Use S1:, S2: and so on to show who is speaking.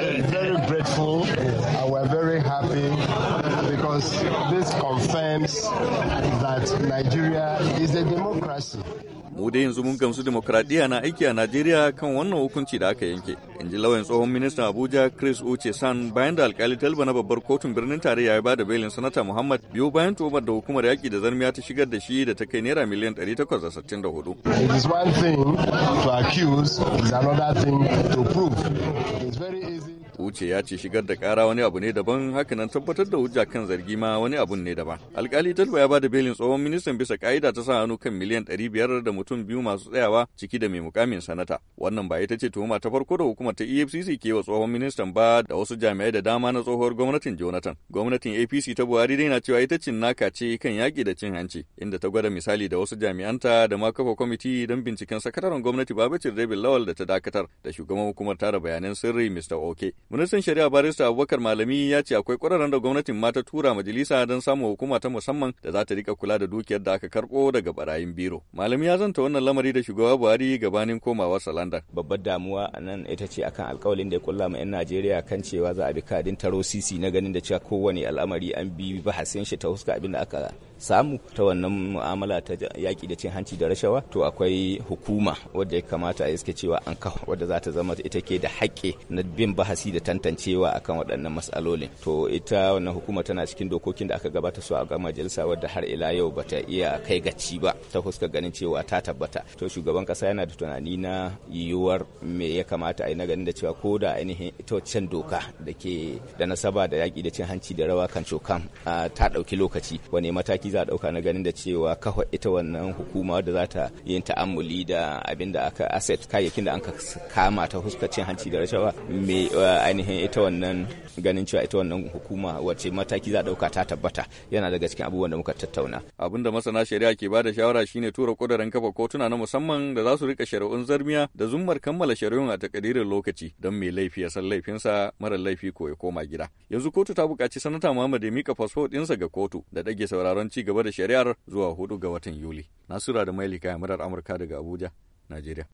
S1: very grateful and we're very happy because this confirms that Nigeria is a democracy.
S2: mu dai yanzu mun gamsu demokradiyya na aiki a najeriya kan wannan hukunci da aka yanke in ji lauyan tsohon ministan abuja chris uche san bayan da alkali talba na babbar kotun birnin tarayya ya bada belin sanata muhammad biyu bayan tuhumar da hukumar yaƙi da zarmiya ta shigar da shi da ta kai naira miliyan 864 takwas
S1: da one thing to
S2: wuce ya ce shigar da kara wani abu ne daban haka nan tabbatar da hujja kan zargi ma wani abu ne daban alkali talba ya ba da belin tsohon ministan bisa ka'ida ta sa hannu kan miliyan ɗari biyar da mutum biyu masu tsayawa ciki da mai mukamin sanata wannan ba ita ce tuhuma ta farko da hukumar ta efcc ke wa tsohon ministan ba da wasu jami'ai da dama na tsohuwar gwamnatin jonathan gwamnatin apc ta buhari dai na cewa ita cin naka ce kan yaƙi da cin hanci inda ta gwada misali da wasu jami'anta da ma kafa kwamiti don binciken sakataren gwamnati babacin rabin lawal da ta dakatar da shugaban hukumar tara bayanan sirri mr oke Ministan Shari'a Barista Abubakar Malami ya ce akwai ƙwararren da gwamnatin mata tura majalisa don samun hukuma ta musamman da za ta rika kula da dukiyar da aka karɓo daga barayin biro. Malami ya zanta wannan lamari da
S1: shugaba Buhari gabanin komawa London. Babbar damuwa a nan ita ce akan alkawalin da ya kulla ma 'yan Najeriya kan cewa za a bi kadin taro sisi na ganin da cewa kowane al'amari an bi bahasin shi ta huska abin da aka samu ta wannan mu'amala ta yaƙi da cin hanci da rashawa to akwai hukuma wadda ya kamata a iske cewa an kawo wadda za ta zama ita ke da haƙƙi na bin bahasi da tantancewa akan waɗannan matsalolin to ita wannan hukuma tana cikin dokokin da aka gabata su a ga majalisa wadda har ila yau bata iya kai gaci ba ta fuska ganin cewa ta tabbata to shugaban kasa yana da tunani na yiwuwar me ya kamata a yi na ganin da cewa ko da ainihin ita waccan doka da ke da nasaba da yaƙi da cin hanci da rawa kan cokan ta ɗauki lokaci wani mataki za a ɗauka na ganin da cewa kawai ita wannan hukuma da za ta yin ta'ammuli da abin da aka asset kayayyakin da an kama ta fuska cin hanci da rashawa me ainihin ita wannan ganin cewa ita wannan hukuma wace mataki za dauka ta tabbata yana daga cikin abubuwan da muka tattauna.
S2: Abin da masana shari'a ke bada shawara shine tura kudarin kafa kotuna na musamman da za su rika shari'un zarmiya da zummar kammala shari'un a takadirin lokaci don mai laifi ya san laifinsa mara laifi ko ya koma gida. Yanzu kotu ta buƙaci sanata Muhammad ya mika fasfo ɗinsa ga kotu da ɗage sauraron ci gaba da shari'ar zuwa hudu ga watan Yuli. Nasura da Mailika Murar Amurka daga Abuja, Najeriya.